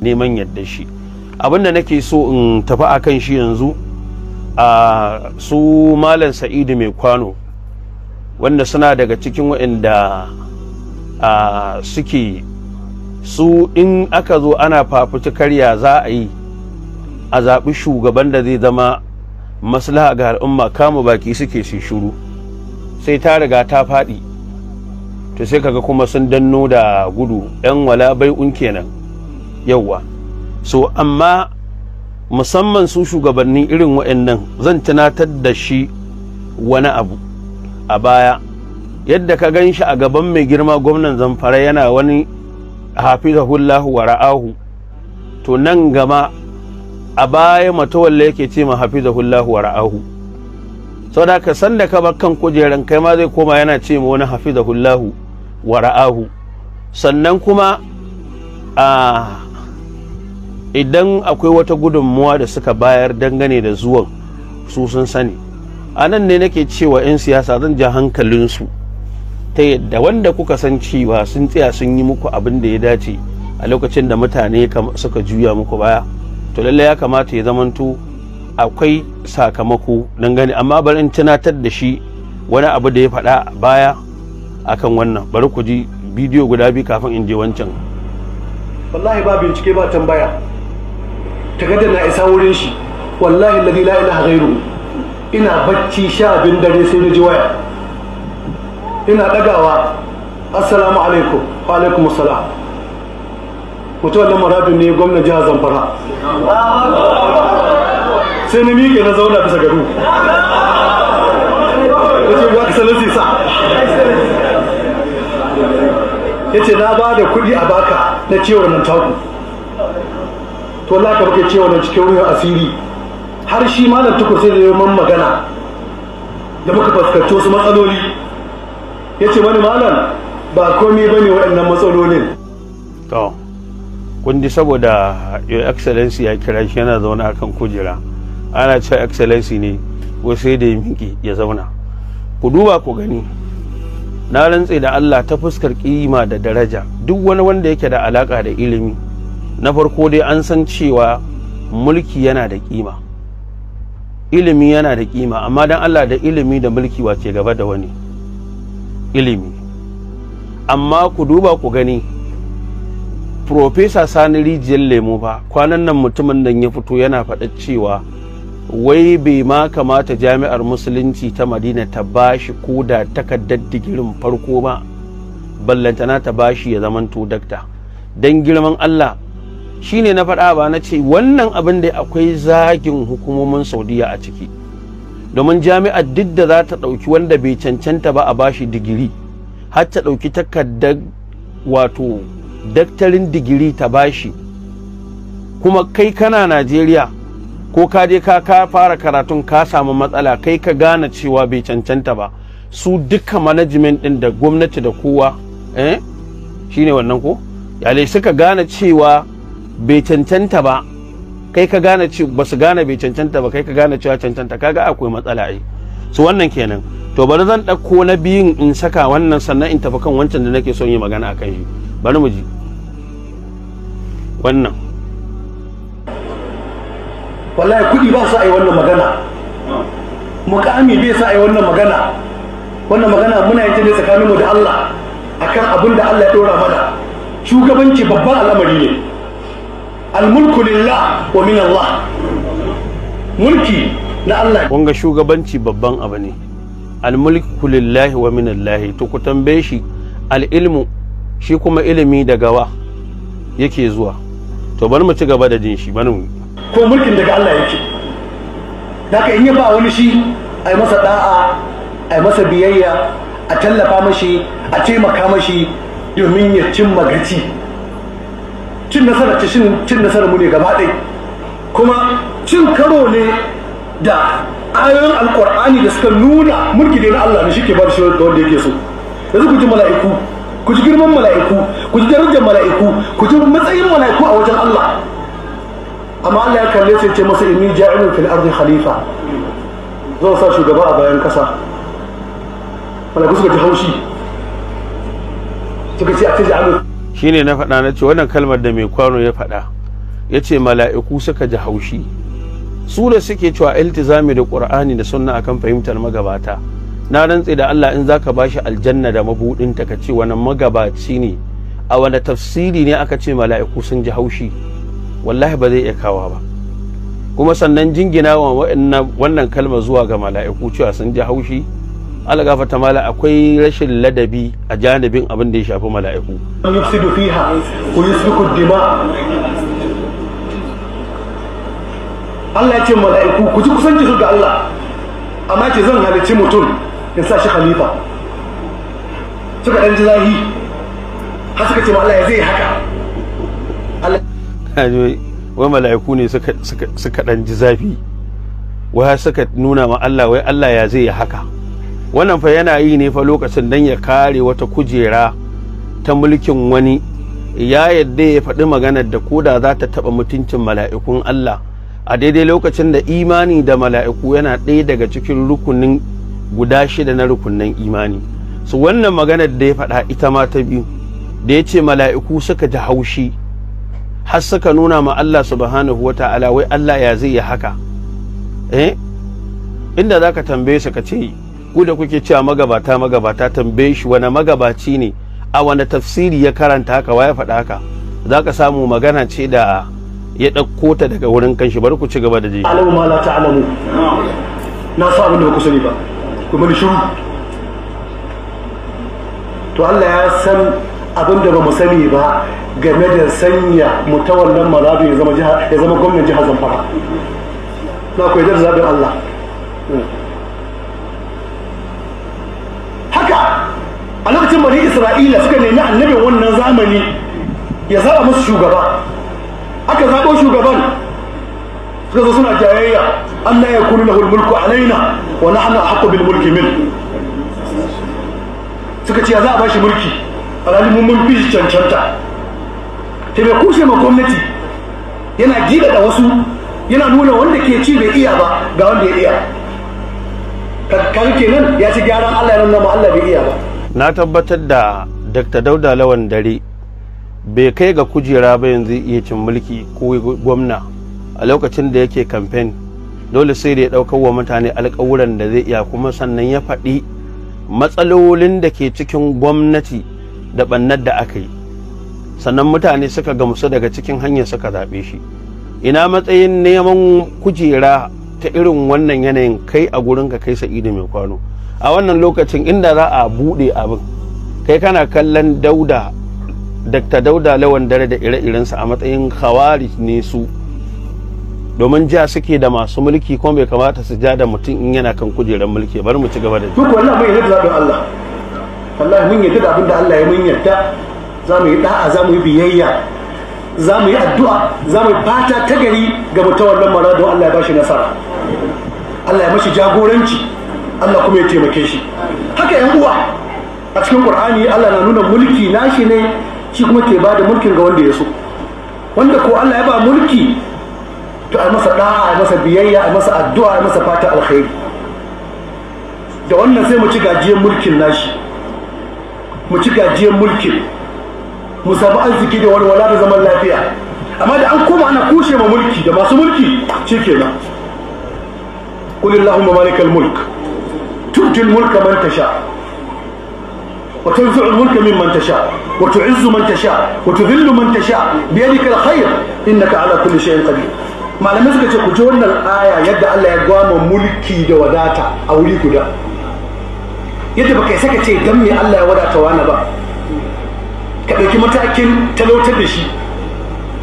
neman yadda shi abin da nake so in tafi a kan shi yanzu a su malam sa'idu mai kwano wanda suna daga cikin waɗanda suke su in aka zo ana fafuci karya za a yi a zaɓi shugaban da zai zama maslaha ga al'umma kama baki suke su shuru sai ta riga ta faɗi to sai kaga kuma sun danno da gudu 'yan wala bai'un kenan yauwa so amma musamman su shugabanni irin waɗannan zan tunatar da shi wani abu a baya yadda ka gan shi a gaban mai girma gwamnan zamfara yana wani hafizahullahu wa ra'ahu to nan gama a baya matawalla yake ce ma hafizahullahu wa ra'ahu sau da ka san da ka kan kujeran kai ma zai koma yana ce ma wani hafizahullahu wa ra'ahu sannan kuma a ah, idan akwai wata gudunmuwa da suka bayar dangane da zuwan su sun sani a nan ne nake cewa 'yan siyasa zan ja hankalinsu ta yadda wanda kuka san cewa sun tsaya sun yi muku abin da ya dace a lokacin da mutane suka juya muku baya to lallai ya kamata ya zamanto akwai sakamako dangane amma bari in tunatar da shi wani abu da ya faɗa baya akan wannan bari ku ji bidiyo guda biyu kafin in je wancan wallahi ba bincike ba tambaya takarda na isa wurin shi wallahi alladhi la ilaha gairu ina bacci sha bin dare sai na ji waya ina dagawa assalamu alaikum wa alaikum assalam mutuwar lamaradun ne gwamnan jihar zamfara sai na miƙe na zauna bisa garu ya ce ba excellency sa ya ce na ba da kuɗi a baka na ciwon nan taku to Allah ka cewa nan cikin ruwan asiri har shi malam tukur sai da yawan magana da muka fuskanci wasu matsaloli ya ce wani malam ba komai ba ne waɗannan matsalolin to kundi saboda your excellency ya kira shi yana zaune kan kujera ana cewa excellency ne wasu sai da ya miƙe ya zauna ku duba ku gani na rantse da Allah ta fuskar kima da daraja duk wani wanda yake da alaka da ilimi na farko dai an san cewa mulki yana da kima ilimi yana da kima amma dan Allah da ilimi da mulki wace gaba da wani ilimi amma ku duba ku gani Profesa Sani Rijiyar Lemo ba kwanan nan mutumin nan ya fito yana faɗa cewa wai bai ma kamata jami'ar musulunci ta Madina ta bashi ko da takardar digirin farko ba ballantana ta bashi ya zamanto dakta don girman Allah shine na faɗa ba na ce wannan abin da akwai zagin hukumomin saudiya a ciki domin jami'ar duk da za ta ɗauki wanda bai cancanta ba a bashi digiri har ta ɗauki takardar wato daktarin digiri ta bashi kuma kai kana najeriya ko ka je ka ka fara karatun ka samu matsala kai ka gane cewa bai cancanta ba su duka management din da gwamnati da kowa eh shine wannan ko yale suka gane cewa bai cancanta ba kai ka gane ci ba su gane bai cancanta ba kai ka gane cewa cancanta kaga akwai matsala ai su wannan kenan to bari zan ɗauko na biyun in saka wannan sannan in tafi kan wancan da nake son yi magana a kan shi bari mu ji wannan wallahi kuɗi ba su a yi wannan magana mukami bai sa a yi wannan magana wannan magana muna yin ne tsakaninmu da Allah akan abin da Allah ya ɗora mana shugabanci babban al'amari ne almulku lillah wa min Allah mulki na Allah kun ga shugabanci babban abu ne almulku lillahi wa min Allah to ku tambaye shi alilmu shi kuma ilimi daga wa yake zuwa to bari mu ci gaba da jin shi bani ko mulkin daga Allah yake daga in ya ba wani shi ai masa da'a ai masa biyayya a tallafa mashi a taimaka mashi domin ya cimma gaci cin nasara ce cin nasara mu ne gaba ɗaya kuma cin karo ne da ayoyin alkur'ani da suka nuna mulki ne na Allah ne shike ba da shi da wanda yake so yanzu ku ji mala'iku ku ji girman mala'iku ku ji darajar mala'iku ku ji matsayin mala'iku a wajen Allah amma Allah ya kalle sai ce masa inni ja'ilun fil ardi khalifa zan sa shugaba a bayan kasa mala'iku suka ji haushi suka ce a ce ja'ilun shine na faɗa na ce wannan kalmar da mai kwano ya faɗa ya ce mala'iku suka ji haushi su da suke cewa iltizami da ƙur'ani da sunna akan fahimtar magabata na rantse da Allah in zaka shi aljanna da mabudin ta kace wani magabaci ne a wani tafsiri ne aka ce mala'iku sun ji haushi wallahi ba zai iya kawa ba kuma sannan jingina wa wannan kalmar zuwa ga mala'iku cewa sun ji haushi algafa ta mala akwai rashin ladabi a janibin abin da ya shafi mala'iku Allah ya ce mala'iku ku ji kusanci su ga Allah amma ke zan halicci mutum in sa shi khalifa suka ɗan ji zahi har suka ce Allah ya zai haka Allah wai mala'iku ne suka ɗan ji zafi wai suka nuna ma Allah wai Allah ya zai haka wannan fa yana yi ne fa lokacin dan ya kare wata kujera ta mulkin wani ya yadda ya faɗi maganar da koda za ta taɓa mutuncin mala'ikun Allah a daidai lokacin da imani da mala'iku yana ɗaya daga cikin rukunin guda shida na rukunin imani su wannan maganar da ya faɗa ita ma ta biyu da ya ce mala'iku suka ji haushi har suka nuna ma Allah subhanahu wa ta'ala wai Allah ya zai yi haka eh? inda za ka tambaye su ka ce ku da kuke cewa magabata magabata tambaye shi wani magabaci ne a wani tafsiri ya karanta haka wa ya faɗa haka za ka samu magana ce da ya ɗauko ta daga wurin kanshi bari ku ci gaba da ji alamu ma na sa abin da ba sani ba ku mani shiru to Allah ya san abin da ba sani ba game da sanya mutawallan maradu ya zama ya zama gwamnan jihar Zamfara na koyar da zabin Allah a lokacin bari isra'ila suka nemi annabin wannan zamani ya zaba musu shugaba aka zaɓo shugaban suka zo suna jayayya an na ya na hulmulku a alaina wa na ana haƙo bil mulki min suka ce ya za a bashi mulki a mun mummun fiye cancanta ta bai kushe ma gwamnati yana gida da wasu yana nuna wanda ke ci bai iya ba ga wanda ya iya kakar kenan ya ci gyaran allah ya nuna ma allah bai iya ba na tabbatar da dr dauda lawan dare bai kai ga kujera ba yanzu iya cin mulki ko gwamna a lokacin da yake kamfen dole sai da ya ɗaukar wa mutane alkawuran da zai iya kuma sannan ya faɗi matsalolin da ke cikin gwamnati da bannar da aka yi sannan mutane suka gamsu daga cikin hanyar suka zaɓe shi ina matsayin neman kujera ta irin wannan yanayin kai a gurinka kai sa'idu mai kwano a wannan lokacin inda za a buɗe abin kai kana kallon dauda dakta dauda lawan dare da ire-irensa a matsayin khawarij ne su domin ja suke da masu mulki kuma bai kamata su ja da mutum in yana kan kujerar mulki bari mu ci gaba da duk wannan mun yarda da Allah wallahi mun yarda da abin da Allah ya mun yarda za mu yi da'a za mu yi biyayya za mu yi addu'a za mu yi fata ta gari ga mutawallan marado Allah ya bashi nasara Allah ya mashi jagoranci Allah kuma ya taimake shi haka yan uwa a cikin Qur'ani Allah na nuna mulki nashi ne shi kuma ke bada mulkin ga wanda ya so wanda ko Allah ya ba mulki to a masa da'a a masa biyayya a masa addu'a a masa fata alkhairi da wannan sai mu ci gajiyar mulkin nashi mu ci gajiyar mulkin mu samu arziki da walwala da zaman lafiya amma da an koma ana kushe ma mulki da masu mulki shi kenan قل اللهم مالك الملك تؤتي الملك من تشاء وتنزع الملك ممن تشاء وتعز من تشاء وتذل من تشاء بيدك الخير انك على كل شيء قدير malamai suka ce ku ji wannan aya yadda Allah ya gwama mulki da wadata a wuri guda yadda baka saka ce dan me Allah ya wadata wani ba ka ɗauki matakin talautar da shi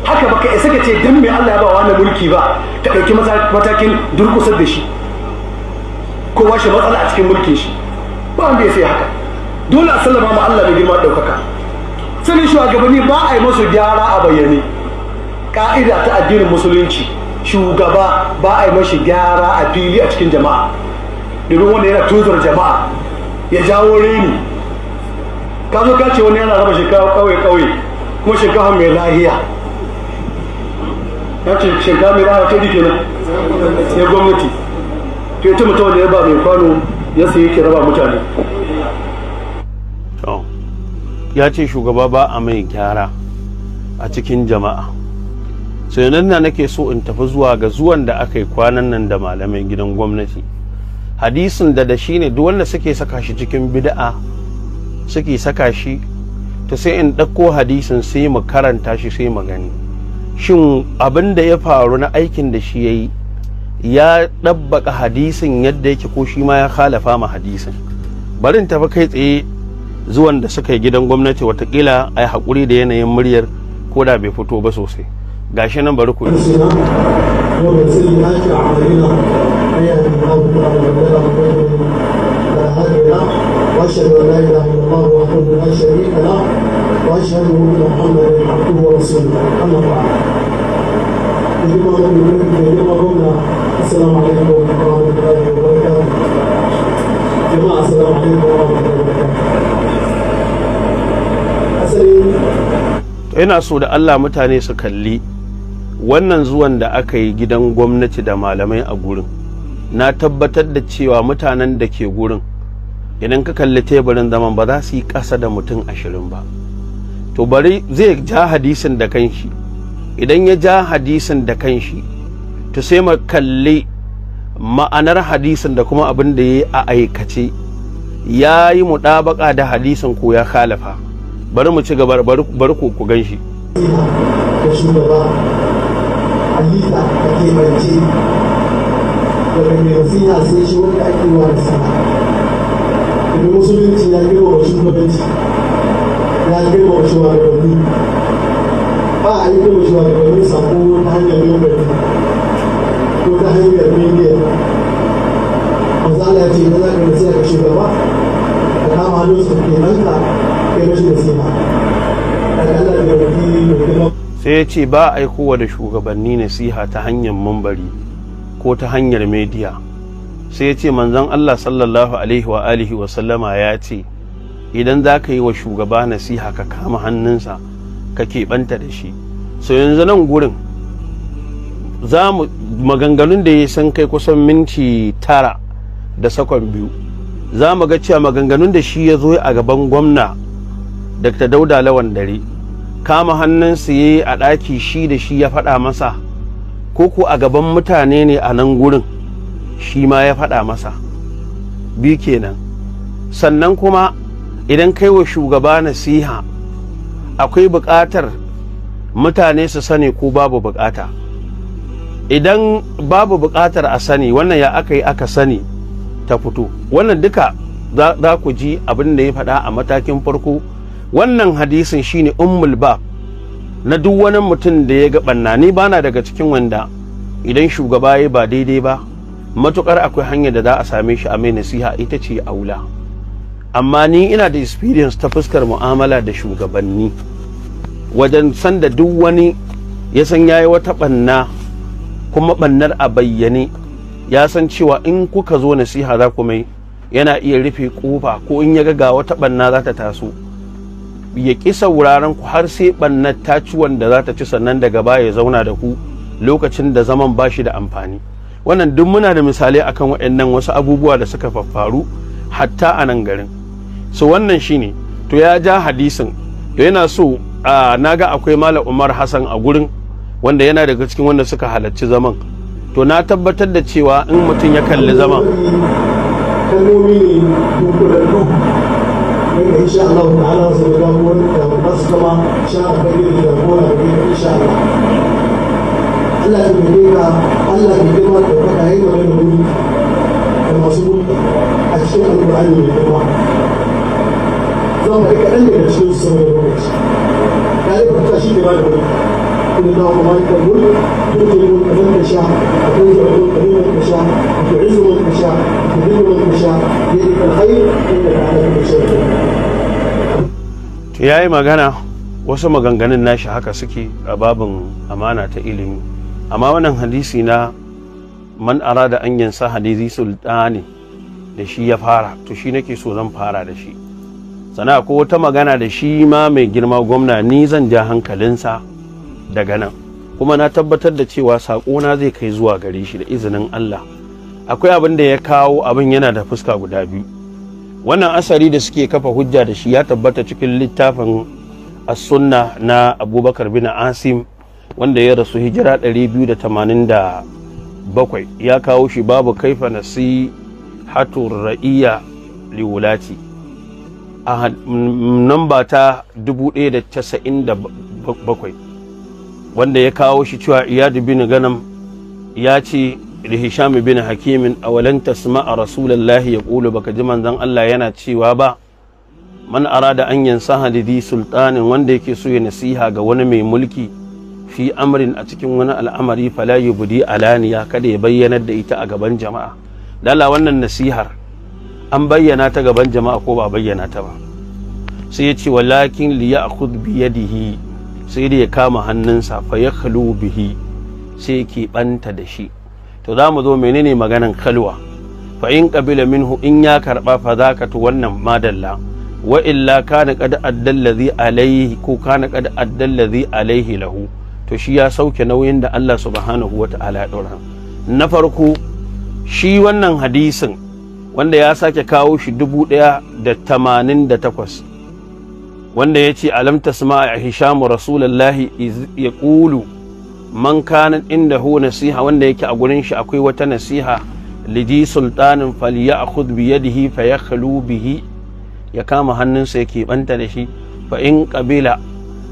haka baka isa ce dan me Allah ya ba wani mulki ba ka ɗauki matakin durkusar da shi kowa shi matsala a cikin mulkin shi ba wanda ya sai haka dole a sallama ma Allah da girma daukaka Sani shugabanni ba a yi masu gyara a bayyane ka'ida ta addinin musulunci shugaba ba a yi mashi gyara a fili a cikin jama'a domin wanda yana tozar jama'a ya jawo reni ka zo ka ce wani yana raba shekara kawai-kawai kuma shekara mai lahiya ya ce shekara mai lahiya ta dike nan ya gwamnati ke ce mutum da ya ba mai kwano ya sai yake raba mutane ya ce shugaba ba a mai gyara a cikin jama'a sai na nake so in tafi zuwa ga zuwan da aka yi kwanan nan da malamai gidan gwamnati hadisin da da shi ne duk wanda suke saka shi cikin bida'a suke saka shi ta sai in ɗauko hadisin sai mu karanta shi sai mu gani shin abin da ya faru na aikin da shi ya yi ya ɗabbaka hadisin yadda yake ko shi ma ya khalafa ma hadisin barin tafi kai tsaye zuwan da suka yi gidan gwamnati watakila a yi haƙuri da yanayin muryar ko da bai fito ba sosai gashi nan bari ku yi السلام عليكم الله وبركاته السلام عليكم الله وبركاته ina so da Allah mutane su kalli wannan zuwan da aka yi gidan gwamnati da malamai a gurin na tabbatar da cewa mutanen da ke gurin idan ka kalli teburin zaman ba za su yi ƙasa da mutum ashirin ba to bari zai ja hadisin da kanshi idan ya ja hadisin da kanshi ta sai mu kalli ma'anar hadisin da kuma abin da ya a aikace ya yi mu ɗabaƙa da hadisin ko ya khalafa bari mu ci gaba bari ku ku gan shi wa da musulunci ya girma ba a yi shugabanni sabo ta hanyar yau sai ya ce ba a aikowa da shugabanni nasiha ta hanyar mambari ko ta hanyar mediya sai ya ce manzon Allah sallallahu alaihi wa alihi wa sallama ya ce idan za ka yi wa shugaba nasiha ka kama hannunsa ka keɓanta da shi so yanzu nan gurin za mu maganganun da ya san kai kusan minti tara da sakon biyu za mu ga cewa maganganun da shi ya zo a gaban gwamna dr dauda lawan dare kama hannunsa ya yi a ɗaki shi da shi ya faɗa masa ko ko a gaban mutane ne a nan gurin shi ma ya faɗa masa biyu kenan sannan kuma idan kai wa shugaba nasiha akwai bukatar mutane su sani ko babu bukata. idan babu bukatar a sani wannan ya aka yi aka sani ta fito wannan duka za ku ji abin da ya faɗa a matakin farko wannan hadisin shine ummul ba na duk wani mutum da ya ga banna ni bana daga cikin wanda idan shugaba ya ba daidai ba matukar akwai hanyar da za a same shi a mai nasiha ita ce aula amma ni ina da experience ta fuskar mu'amala da shugabanni wajen sanda duk wani ya san yayi wata ɓanna. kuma bannar a bayyane ya san cewa in kuka zo nasiha za ku mai yana iya rufe kofa ko in ya ga wata banna za ta taso ya ƙi sauraron ku har sai bannar ta ci wanda za ta ci sannan daga baya ya zauna da ku lokacin da zaman ba shi da amfani wannan duk muna da misalai akan waɗannan wasu abubuwa da suka faffaru hatta a nan garin so wannan shine to ya ja hadisin to yana so na ga akwai malam umar hasan a gurin wanda yana daga cikin wanda suka halarci zaman to na tabbatar da cewa in mutum ya kalli zaman Allah ya da ka Allah ya girma da baka yi da wani abu da masu a cikin alƙur'ani da girma za mu yi kaɗan daga cikin su saboda lokaci ya yi da shi ne ba da wuri الله الخير على ya yi magana wasu maganganun nashi haka suke a babin amana ta ilimi amma wannan hadisi na man da an yansa hadisi sultani da shi ya fara to shi nake so zan fara da shi sana ko wata magana da shi ma mai girma gwamna ni zan ja hankalinsa daga nan kuma na tabbatar da cewa saƙo na zai kai zuwa gare shi da izinin Allah akwai abin da ya kawo abin yana da fuska guda biyu wannan asari da suke kafa hujja da shi ya tabbata cikin littafin as-sunna na abubakar bin asim wanda ya rasu hijira 287 ya kawo shi babu kaifa nasi hatur ra'iya liwulati a namba ta 1097 wanda ya kawo shi cewa iyadu bin ganam ya ce da hisham bin hakimin awalan a rasulullahi ya kulu baka ji manzan Allah yana cewa ba man da an yansa hadidi sultanin wanda yake so ya nasiha ga wani mai mulki fi amrin a cikin wani al'amari fala yubdi alaniya kada ya bayyanar da ita a gaban jama'a ala wannan nasihar an bayyana ta gaban jama'a ko ba bayyana ta ba sai ya ce walakin li ya'khudh bi yadihi sai da ya kama hannunsa fa ya khalu bihi sai ke banta da shi to za mu zo menene maganan kalwa fa in qabila minhu in ya karba fa zaka to wannan madalla wa illa kana qad addallazi alaihi ko kana qad addallazi alaihi lahu to shi ya sauke nauyin da Allah subhanahu wata'ala ya dora na farko shi wannan hadisin wanda ya sake kawo shi dubu ɗaya da tamanin da takwas wanda ya ce su tasma a hishamu rasulullahi ya ƙulu man kanan inda hu nasiha wanda yake a gurin shi akwai wata nasiha liji sultanin faliya a khud biyadihi fa ya bihi ya kama hannunsa yake banta da shi fa in ƙabila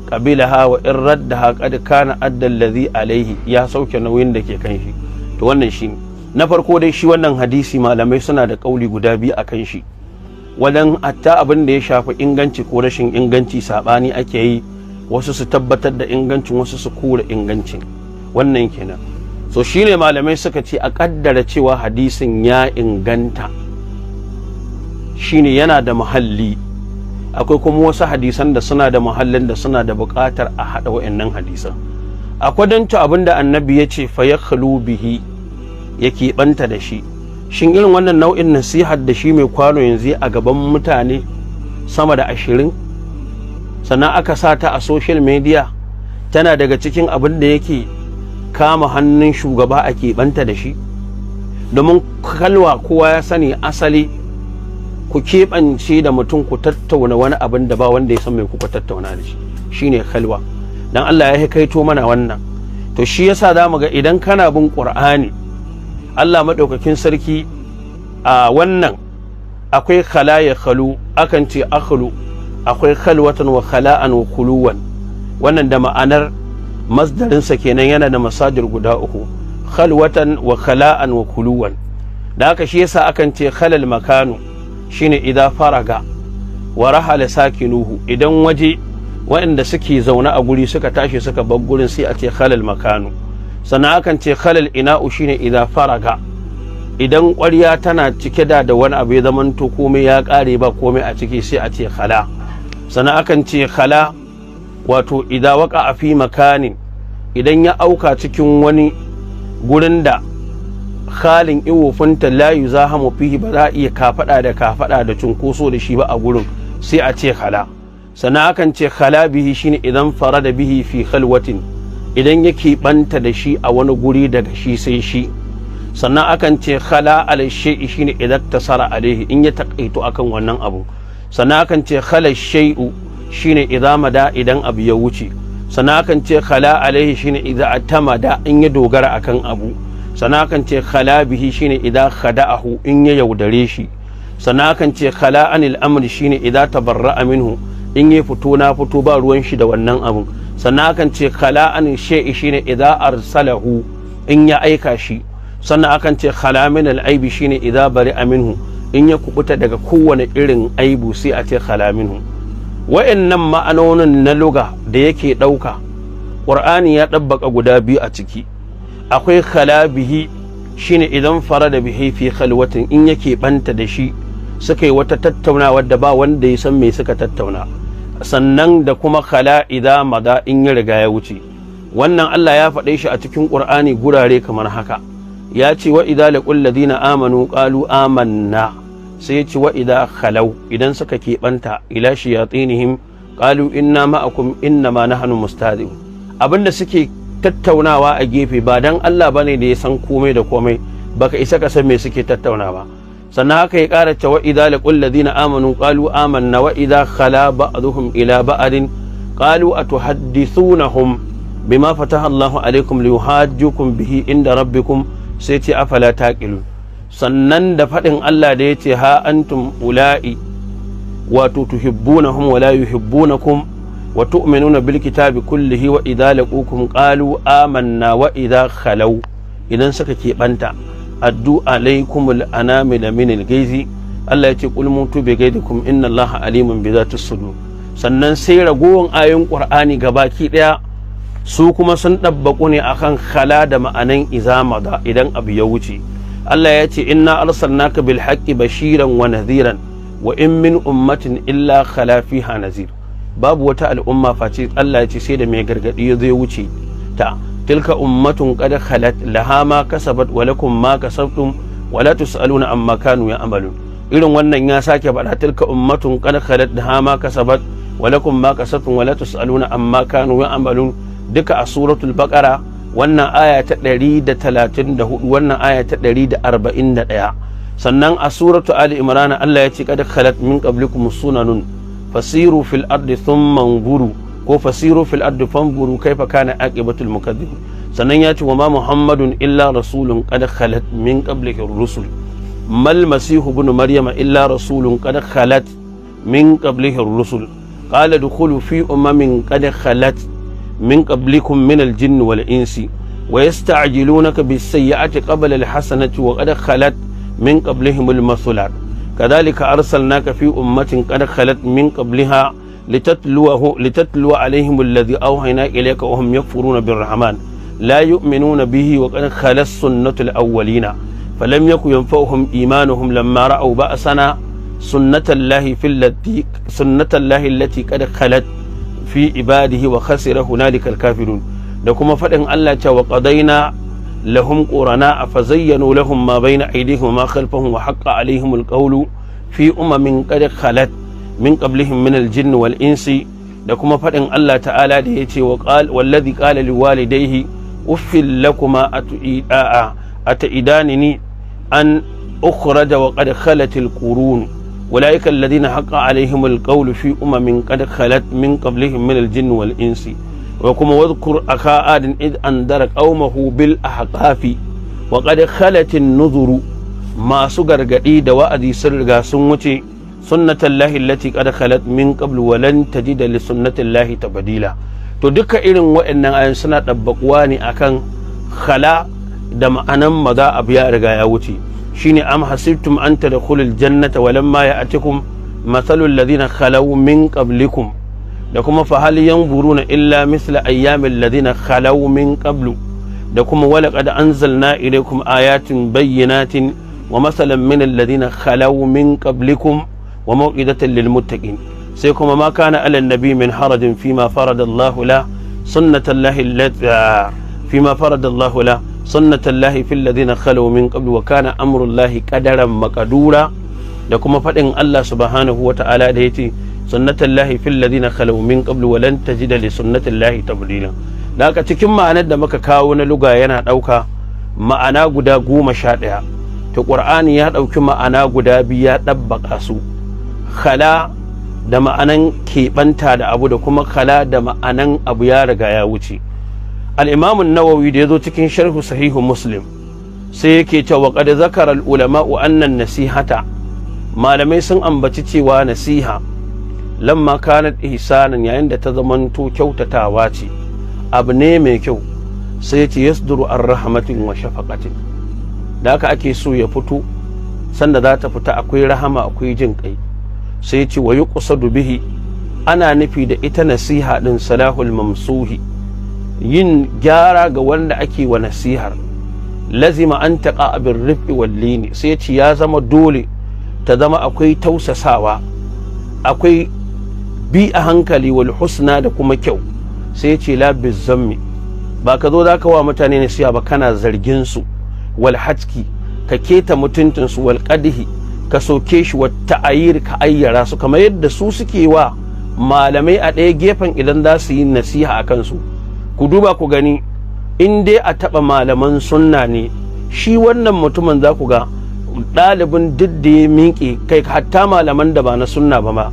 qabilaha wa in raddaha da kana alaihi ya sauke nauyin da ke kan shi to wannan shi na farko dai shi wannan hadisi malamai suna da ƙauli guda biyu a kan shi wadan hatta abin da ya shafi inganci ko rashin inganci saɓani ake yi wasu su tabbatar da ingancin wasu su kura ingancin wannan kenan so shine malamai suka ce a kaddara cewa hadisin ya inganta shine yana da muhalli akwai kuma wasu hadisan da suna da muhallin da suna da buƙatar a haɗa wa'annan hadisan akwai abin da annabi ya ce fa ya bihi ya keɓanta da shi shin irin wannan nau'in nasihar da shi mai kwano yanzu a gaban mutane sama da ashirin sannan aka sa ta a social media tana daga cikin abin da yake kama hannun shugaba a keɓanta da shi domin kalwa kowa ya sani asali ku keɓance da mutum ku tattauna wani abin da ba wanda ya san mai kuka tattauna da shi shine kalwa don Allah ya kaito mana wannan to shi yasa za mu ga idan kana bin ƙur'ani Allah maɗaukakin sarki a wannan akwai khalaya ya khalu akan ce akhlu akwai khalwatan wa khala'an wa khuluwan wannan da ma'anar masdarinsa kenan yana da masajir guda uku khalwatan wa khala'an wa khuluwan da haka shi yasa akan ce khalal makanu shine idza faraga wa rahala sakinuhu idan waje waɗanda suke zaune a guri suka tashi suka bar gurin sai a ce khalal makanu sannan akan ce khalal ina'u shine idan faraga idan ƙwarya tana cike da da wani abu ya to komai ya ƙare ba komai a ciki sai a ce khala sannan akan ce khala wato idan waka a fi makanin idan ya auka cikin wani gurin da halin iwofinta layu za hamu fihi ba za a iya kafaɗa da kafaɗa da cunkoso da shi ba a gurin sai a ce khala sannan akan ce khala bihi shine idan fara da bihi fi khalwatin idan yake banta da shi a wani guri daga shi sai shi sannan akan ce khala al shine idan tasara alaihi in ya takaito akan wannan abu sannan akan ce khala shay'u shine idan mada idan abu ya wuce sannan akan ce khala alaihi shine idan atamada in ya dogara akan abu sannan akan ce khala bihi shine idan khada'ahu in ya yaudare shi sannan akan ce khala anil amri shine idan tabarra'a minhu in ya fito na fito ba ruwan shi da wannan abu. sannan akan ce khala'an shay'i shine idza arsalahu in ya aika shi sannan akan ce khala min al'aibi shine idza bari aminu in ya kubuta daga kowane irin aibu sai a ce khala minhu wa'annan ma'anonin na luga da yake dauka qur'ani ya dabbaka guda biyu a ciki akwai khala bihi shine idan fara da bihi fi khalwatin in yake ɓanta da shi suka yi wata tattaunawa da ba wanda ya san me suka tattauna sannan da kuma khala idza mada in ya riga ya wuce wannan Allah ya faɗe shi a cikin Qur'ani gurare kamar haka ya ce wa idza laqul ladina amanu qalu amanna sai ya ce wa idza khalau idan suka keɓanta ila shayatinihim qalu inna ma'akum inna ma nahnu mustahzi'un abinda suke tattaunawa a gefe ba dan Allah bane da ya san komai da komai baka isa ka san me suke tattaunawa sannan haka ya ƙara cewa idza laqul ladina amanu qalu amanna wa idza khala ba'dhum ila ba'din qalu atuhaddithunahum bima fataha Allahu alaikum liyuhajjukum bihi inda rabbikum sai ce afala taqilun sannan da faɗin Allah da yace ha antum ula'i wato tuhibbunahum wa la yuhibbunakum wa tu'minuna bil kitabi kullihi wa idza laqukum qalu amanna wa idza khalaw idan suka keɓanta addu alaikumul anamila minil gaizi Allah ya ce kul mutu bi gaidikum inna Allah alimun bi zati sudu sannan sai ragowan ayoyin Qur'ani gabaki daya su kuma sun dabbaku ne akan khala da ma'anan izama da idan abu ya wuce Allah ya ce inna arsalnaka bil haqqi bashiran wa nadhiran wa in min ummatin illa khala fiha nazir babu wata al'umma face Allah ya ce sai da mai gargadi zai wuce ta tilka ummatun qad khalat laha ma kasabat wa lakum ma kasabtum wa amma kanu ya'malun irin wannan ya sake faɗa tilka ummatun qad khalat laha ma kasabat wa lakum ma kasabtum wa amma kanu ya'malun duka a suratul baqara wannan aya ta 134 wannan aya ta 141 sannan a suratu ali imran Allah ya ce kada khalat min qablikum sunanun fasiru fil ardi ko fasiru fil ard fanzuru kaifa kana aqibatul mukazzibin sannan yace wa ma muhammadun illa rasulun qad khalat min qablihi rusul mal masihu ibn maryama illa rasulun qad khalat min qablihi rusul qala dukhulu fi ummin qad khalat min qablikum min al-jinn wal insi ويستعجلونك بالسيئة قبل الحسنة وقد خلت من قبلهم المثلات كذلك أرسلناك في أمة قد خلت من قبلها litatluwa alaihim alladhi awhayna ilayka wa hum yakfuruna birrahman la yu'minuna bihi wa qad khalas sunnatul awwalina falam yakun yanfa'uhum imanuhum lamma ra'aw ba'sana sunnatallahi fil lati sunnatallahi allati qad khalat fi ibadihi wa khasira hunalika alkafirun da kuma fadin Allah cewa qadaina لهم قرناء فزينوا لهم ما ma أيديهم وما خلفهم وحق عليهم القول في أمم قد خلت min qablihim min al-jinn wal insi da kuma faɗin Allah ta'ala da yace wa qal wallazi qala liwalidayhi uffil lakuma atu'idaa ataidanini an ukhraja wa qad khalat al-qurun ulaika alladhina haqa alaihim al-qawlu fi umamin qad khalat min qablihim min al-jinn wal insi wa kuma wadhkur akha adin id andara qaumahu bil ahqafi wa qad khalat an-nuzuru masu gargadi da wa'azi sun riga sun wuce sunnatan lahi allati qad khalat min qabl wa lan tajida li sunnatin to duka irin waɗannan ayan suna dabbakuwa ne akan khala da ma'anan maza a ya riga ya wuce shine am hasibtum an tadkhulul jannata wa lamma ya'atikum mathalul ladina khalaw min qablikum da kuma fa hal yanzuruna illa misla ayyamil ladina khalaw min qablu da kuma walaqad anzalna ilaykum ayatin bayyinatin wa masalan min alladhina khalaw min qablikum wa mawqidatan lil muttaqin sai kuma ma kana ala nabi min harajin fi ma farada Allah la sunnatan lahi fi min qabl wa kana amru Allah qadaran maqdura da kuma fadin Allah subhanahu wa ta'ala da yace ce lahi fil ladina khalu min qabl wa lan tajida li sunnatin lahi da haka cikin ma'anar da muka kawo na luga yana ɗauka ma'ana guda goma sha ɗaya to ƙur'ani ya ɗauki ma'ana guda biyu ya ɗabbaƙa su Kala da ma'anan keɓanta da abu da kuma kala da ma'anan abu ya riga ya wuce al'imamun nawawi da ya zo cikin sharhu sahihu muslim sai yake cewa qad zakara al-ulama'u annan nasihata malamai sun ambaci cewa nasiha lamma kanat ihsanan yayin da ta zamanto kyautatawa ce abu ne mai kyau sai ya ce yasduru an rahmatin wa shafaqatin da haka ake so ya fito sanda za ta fita akwai rahama akwai jin kai sai ce wa yuqsadu bihi ana nufi da ita nasiha din salahul mamsuhi yin gyara ga wanda ake wa nasihar lazima an taqa abin rufi wallini sai ce ya zama dole ta zama akwai tausasawa akwai bi a hankali wal husna da kuma kyau sai ce la bizammi ba ka zo zaka wa mutane nasiha ba kana zargin su wal hatki ka keta mutuntunsu wal qadhi ka soke shi wa ta'ayir ka ayyara su kamar yadda su suke wa malamai a ɗaya gefen idan za su yi nasiha a kansu ku duba ku gani in dai a taɓa malaman sunna ne shi wannan mutumin za ku ga ɗalibin duk ya miƙe kai hatta malaman da ba na sunna ba ma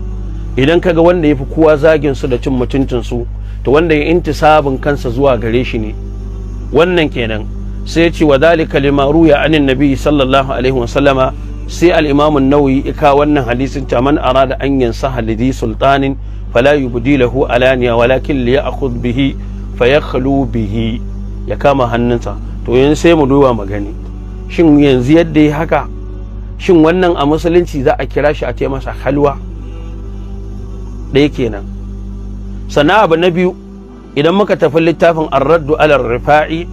idan ka ga wanda ya fi kowa zagin su da cin mutuncin su to wanda ya inti intisabin kansa zuwa gare shi ne wannan kenan sai ce wa dalika limaru ya anin nabi sallallahu alaihi wasallama sai al'imamin nauyi ika wannan hadisin ta man arada an yansa halidi sultanin fala yubdi lahu alaniya walakin li bihi fayakhlu bihi ya kama hannunsa to yanzu sai mu duba magani shin yanzu yadda ya haka shin wannan a musulunci za a kira shi a ce masa halwa ɗaya kenan sana abu na biyu idan muka tafi littafin arraddu alar rifa'i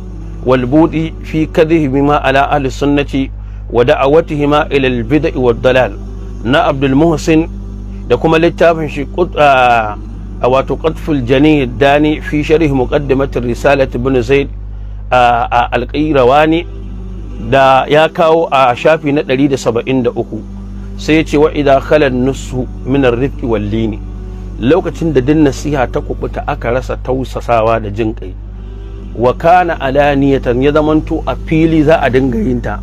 walbudi fi kadhihi bima ala ahli sunnati wa da'awatihima ila al-bid'i wad dalal na Abdul da kuma littafin shi a wato qatful jani dani fi sharh muqaddimat risalat ibn Zaid a al da ya kawo a shafi na 173 sai ya ce wa idha khala nusu min ar-rifqi wal-lini lokacin da din nasiha ta kubuta aka rasa tausasawa da jin kai wa kana alaniyatan ya zamanto a fili za a dinga yin ta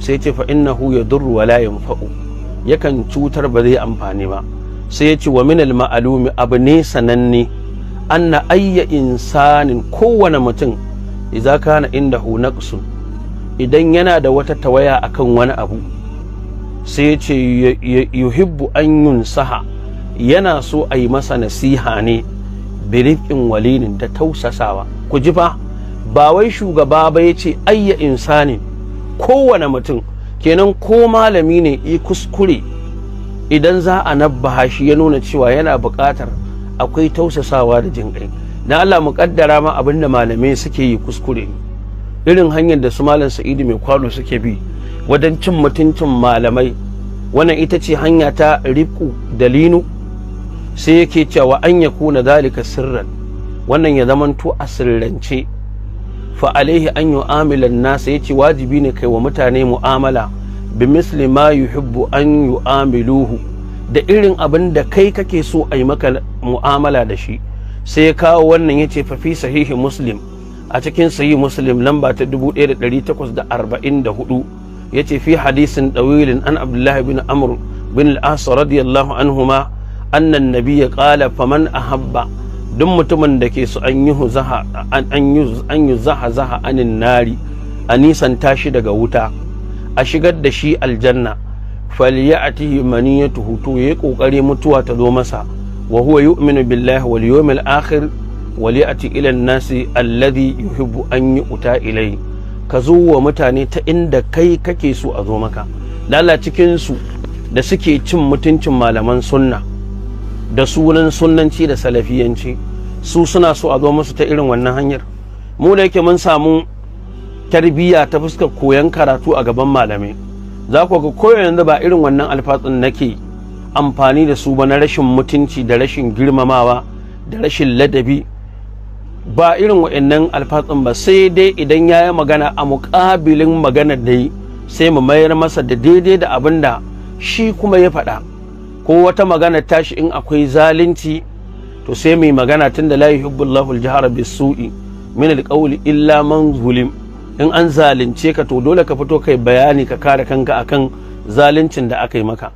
sai ce fa ya yadurru wa layin fa'u yakan cutar ba zai amfani ba sai ya ce wa minal ma'alumi abu ne sananne an na ayya insanin kowane mutum idza kana indahu naqsun idan yana da wata tawaya akan wani abu sai ya ce yuhibbu an yunsaha yana so a yi masa nasiha ne birifin walinin da tausasawa ku ji fa ba wai shugaba ba ya ce ayya insanin kowane mutum kenan ko malami ne yi kuskure idan za a nabbaha shi ya nuna cewa yana buƙatar akwai tausasawa da jin ƙai na Allah mu kaddara ma abin da malamai suke yi kuskure irin hanyar da su malam sa'idu mai kwano suke bi wajen cin mutuncin malamai wannan ita ce hanya ta riku da linu sai yake cewa an yakuna zalika sirran wannan ya zamanto a sirrance fa alaihi an 'amilan nasa ya yace wajibi ne kai wa mutane mu'amala bi misli ma yuhibbu an yu'amiluhu da irin abin da kai kake so a yi maka mu'amala da shi sai ya kawo wannan yace fa fi sahihi muslim a cikin sahihi muslim lamba ta 1844 yace fi hadisin dawilin an abdullahi bin amur bin al-as radiyallahu anhuma anna an faman a faman ahabba duk mutumin da ke su an yi zaha zaha anin nari a nisan tashi daga wuta a shigar da shi aljanna faliya a tihi ya hutu ya yi kokari mutuwa ta zo masa wa huwa yu'minu billahi wal yawmil akhir a ti ilan nasi alladhi yuhibbu an uta ilai ka zo wa mutane ta inda kai kake so a zo maka lala cikin da suke cin mutuncin malaman sunna da sunan sunanci da salafiyanci su suna so a zo musu ta irin wannan hanyar mu da yake mun samu tarbiyya ta fuskar koyon karatu a gaban malamai za ku ga koyo yanzu ba irin wannan alfatsin nake amfani da su ba na rashin mutunci da rashin girmamawa da rashin ladabi ba irin wa'annan alfatsin ba sai dai idan ya yi magana a muƙabilin maganar da yi sai mu mayar masa da daidai da abin da shi kuma ya faɗa ko wata magana tashi in akwai zalunci to sai mai magana tun da layi hibbullahu aljihar bisu'i min alƙawli illa man zulim in an zalunce ka to dole ka fito kai bayani ka kare kanka akan zaluncin da aka yi maka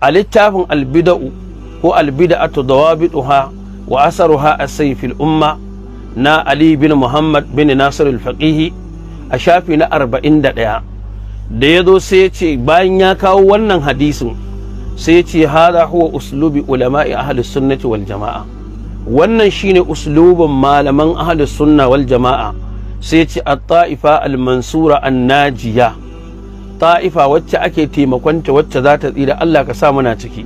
a littafin albida'u ko albida'atu dawabituha wa asaruha as-sayfil umma na Ali bin Muhammad bin Nasir al a shafi na 41 da ya zo sai ya ce bayan ya kawo wannan hadisin sai ya ce hada huwa uslubi ulama'i ahlus sunnati wal jama'a wannan shine uslubin malaman ahlus sunna wal jama'a sai ya ce at-ta'ifa al-mansura an-najiya ta'ifa wacce ake taimakonta wacce za ta tsira Allah ka sa muna ciki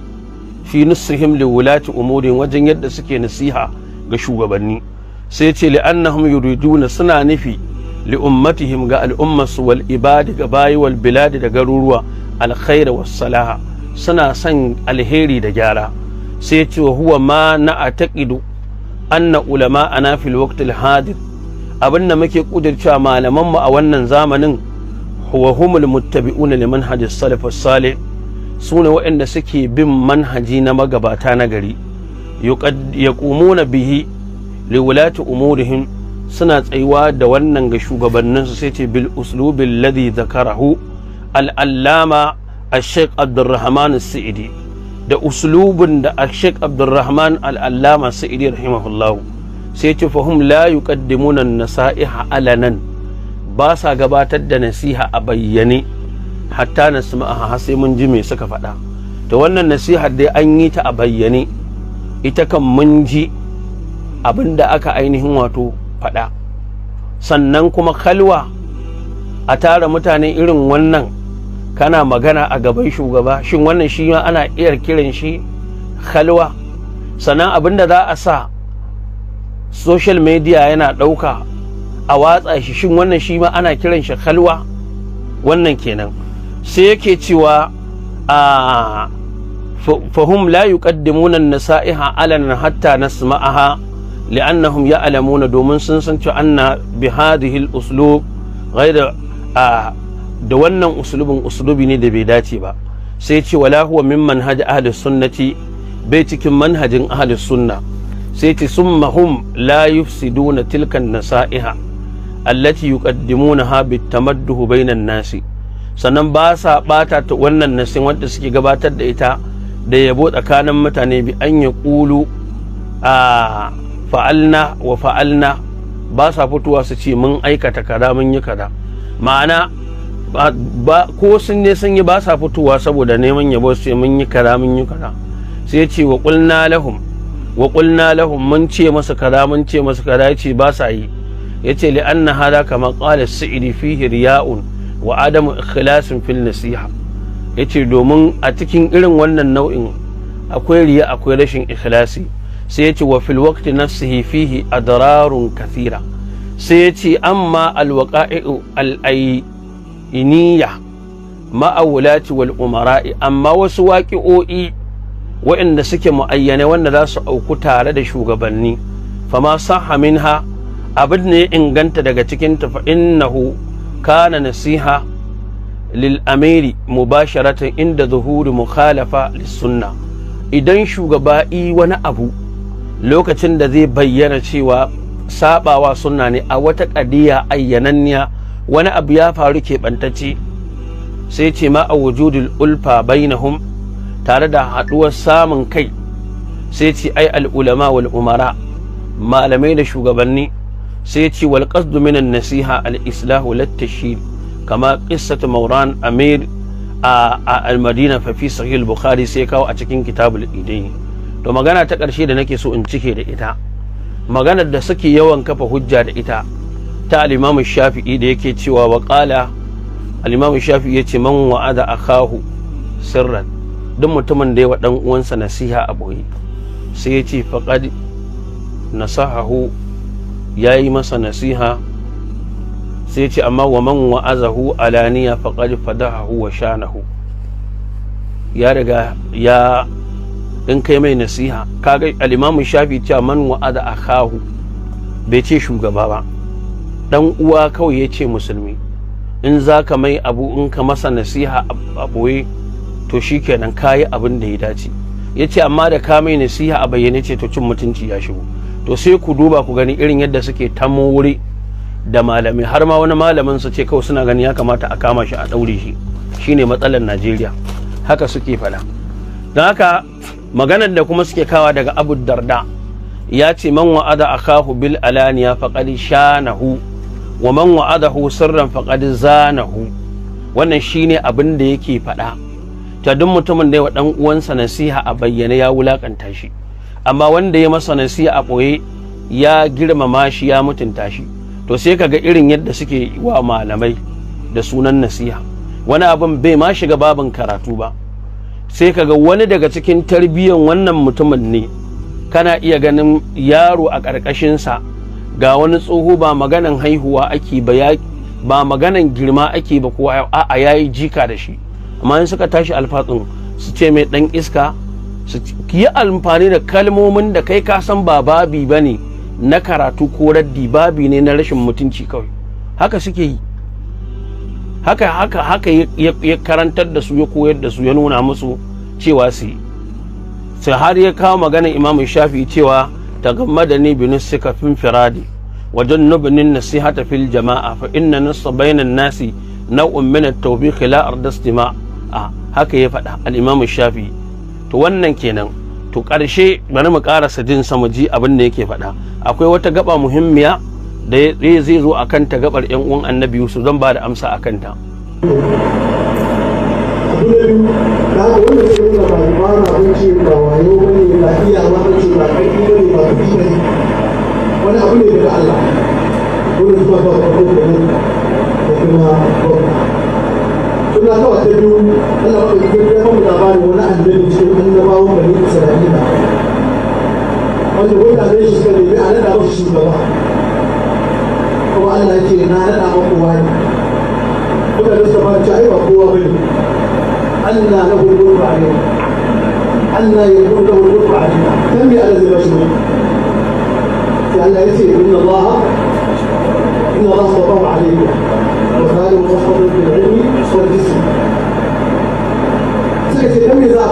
fi nusrihim li wulati umurin wajen yadda suke nasiha ga shugabanni sai ce li'annahum yuriduna suna nufi li ummatihim ga al'ummarsu wal ibadi ga bayi wal biladi da garuruwa alkhaira was salaha suna son alheri da gyara sai ce huwa ma na a an anna ulama a fil waqtil hadir abin da muke kudircewa malaman mu a wannan zamanin huwa humul muttabi'una liman hadis salaf su ne waɗanda suke bin manhaji na magabata na gari yaqumuna bihi liwulati umurihim suna tsayuwa da wannan ga shugabanninsu sai ce bil uslubin ladhi zakarahu al ashek abdurrahman sa'idi da uslubin da ashek abdurrahman al'allama sa'idi rahimahullahu sai ce fahim layu yuqaddimuna nasaiha alanan ba sa gabatar da nasiha a bayyane hatta nasma'aha sai mun ji mai suka faɗa da wannan nasihar dai an yi ta a bayyane ita kan mun ji abin da aka ainihin wato faɗa sannan kuma kalwa a tara mutane irin wannan kana magana a gaban shugaba shin wannan shi ana iya kiran shi halwa sannan abin da za a sa social media yana ɗauka a watsa shi shin wannan shi ma ana kiran shi halwa wannan kenan sai yake cewa a fahim la yuqaddimuna an-nasa'iha alan hatta nasma'aha لأنهم يعلمون دومن سنسن أن بهذه الأسلوب غير آه da wannan usulubin usulubi ne da bai dace ba sai ce wala huwa min manhaj ahli sunnati bai cikin manhajin ahli sunna sai ce summa hum la yufsiduna tilkan nasaiha allati yuqaddimunaha bitamadduh bainan nasi sannan ba sa bata ta wannan nasin wanda suke gabatar da ita da yabo tsakanin mutane bi an ya kulu a fa'alna wa fa'alna ba sa fitowa su ce mun aikata kada mun yi kada ma'ana ko sun ne sun yi ba sa fitowa saboda neman yabo su mun yi kaza mun yi kaza sai ya ce wa qulna lahum wa qulna lahum mun ce masa kaza mun ce masa kaza ya ce ba sa yi ya ce li anna hada kama qala sa'idi fihi riya'un wa adamu ikhlasin fil nasiha ya ce domin a cikin irin wannan nau'in akwai riya akwai rashin ikhlasi sai ya ce wa fil waqti nafsihi fihi adrarun kathira sai ya ce amma alwaqa'i'u al'ayyi iniya ma'awulati wal umara'i amma wasu waƙi'o'i waɗanda suke mu'ayyane wanda za su auku tare da shugabanni fama saha minha abin ne ya inganta daga cikin ta fa innahu kana nasiha lil amiri mubasharatan inda zuhuri mukhalafa lis sunna idan shugaba i wani abu lokacin da zai bayyana cewa sabawa sunna ne a wata ƙadiya ayyananniya wani abu ya faru keɓantacce sai ce ma a wujudul ulfa bainahum tare da haɗuwar samun kai sai ce ai al'ulama wal umara malamai da shugabanni sai ce wal qasdu minan nasiha al islahu lat tashhir kama qissatu mauran amir a al-madina fa fi sahih al-bukhari sai kawo a cikin kitabul idayn to magana ta ƙarshe da nake so in cike da ita maganar da suke yawan kafa hujja da ita ta al-Imam Shafi'i da yake cewa wa qala al-Imam Shafi'i yace man wa'ada akahu sirran duk mutumin da yawa dan uwansa nasiha a boye sai yace faqad nasahahu yayi masa nasiha sai yace amma wa man wa'azahu alaniya faqad fadahahu wa shanahu ya riga ya in kai mai nasiha kaga al-Imam Shafi'i cewa man wa'ada akahu bai ce shugaba ba dan uwa kawai ya ce musulmi in za ka mai abu in ka masa nasiha a ɓoye to shikenan ka yi abin da ya dace ya ce amma da ka mai nasiha a bayyane ce to cin mutunci ya shigo to sai ku duba ku gani irin yadda suke tamo wuri da malami har ma wani malamin su ce kawai suna gani ya kamata a kama shi a ɗaure shi shine matsalar najeriya haka suke faɗa don haka maganar da kuma suke kawa daga abu darda ya ce man wa'ada akahu bil alaniya faqad shanahu wa man wa'adahu sirran faqad zanahu wannan shine abin da yake faɗa ta duk mutumin da ya dan uwansa nasiha a bayyane ya wulakanta shi amma wanda ya masa nasiha a ɓoye ya girmama shi ya mutunta shi to sai kaga irin yadda suke wa malamai da sunan nasiha wani abin bai ma shiga babin karatu ba sai kaga wani daga cikin tarbiyyan wannan mutumin ne kana iya ganin yaro a karkashin sa. ga wani tsoho ba maganan haihuwa ake ba ya ba maganan girma ake ba ko a'a yayi jika da shi amma in suka tashi alfatsin su ce mai dan iska su yi amfani da kalmomin da kai ka san ba babi ba ne na karatu ko raddi babi ne na rashin mutunci kawai haka suke yi haka haka haka ya karantar da su ya koyar da su ya nuna musu cewa su yi sai har ya kawo maganan imamu shafi cewa ta madani binu suka fin firadi wajen nubinin nasiha ta fil jama'a fa inna nasu bainan nasi na ummin taubi kila ardas a haka ya faɗa al'imamu shafi to wannan kenan to ƙarshe bari mu ƙarasa jin samu ji abin da yake faɗa akwai wata gaba muhimmiya da zai zo a kanta gabar yan uwan annabi yusuf zan ba da amsa a kanta ta. ba iya wani ce ba kai ne ba kuɗi ba wani abu ne daga Allah zuwa ba ka kuma da nan kuma suna kawai ta biyu Allah ba ka gaggawa mu labarin wani annabi ce annabawan bani Isra'ila wanda wai da zai suka a nada musu shugaba kuma Allah na nada wani ba kowa Allah na gudu ba ne حنا يكون له الرفعة كم يا الذي مجنون لأن يسير إن الله إن الله اصطفاه عليكم وكان مخصصا بالعلم والجسم سيأتي كم إذا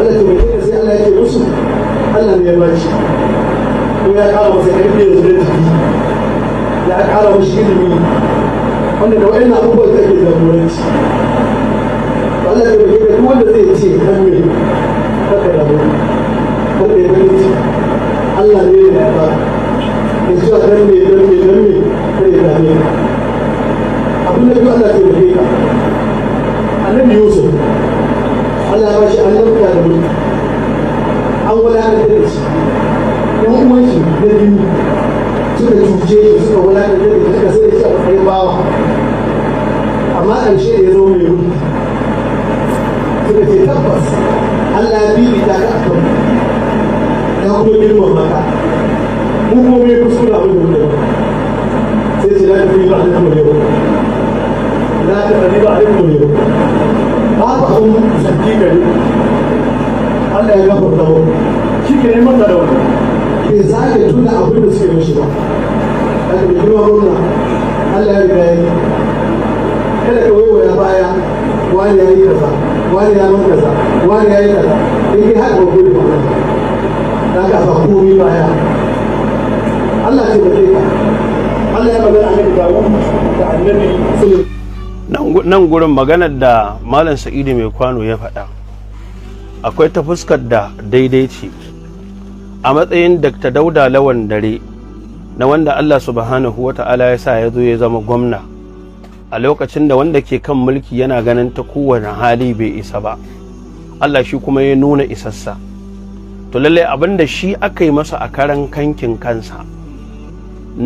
ألا تبكي نسي ألا يأتي رسل ألا يمجي ويا كان مسيحيين يزرد يا كان الشيء مين قلنا لو أنا أبوه يتأكد لك Allah da rike da duk wanda zai ce kan me haka da mu kan me kan ce Allah ne ya ba ya ce kan me kan me kan me kai da ne abin da duk Allah zai rike ka annabi Yusuf Allah ya bashi annabta da mulki an wulaƙanta da shi ɗan uwan shi na biyu suka cuce shi suka wulaƙanta da shi suka sai shi a matsayin bawa amma ƙarshe da ya zo mai mulki da ke tabbas Allah ya bibita ka a kanmu ya kuma girman maka mu kuma mai kuskura a da muke sai ce na tafi ba a cikin na tafi ba a ba ba kun gari Allah ya gafarta mu shi ke neman da wannan ke zage tuna abin da suke mishi ba a ya girma gwamna Allah ya riga ya yi kada ka waiwaya baya wani ya yi kaza ya ya yi kaza haɗa ko da nan gurin maganar da Malam Sa'idu mai kwano ya faɗa akwai ta fuskar da daidai ce a matsayin Dr. Dauda Lawan Dare na wanda Allah subhanahu wa ta'ala ya sa ya zo ya zama gwamna a lokacin da wanda ke kan mulki yana ganin ta kowane hali bai isa ba Allah shi kuma ya nuna isassa to lallai abin da shi aka yi masa a karan kankin kansa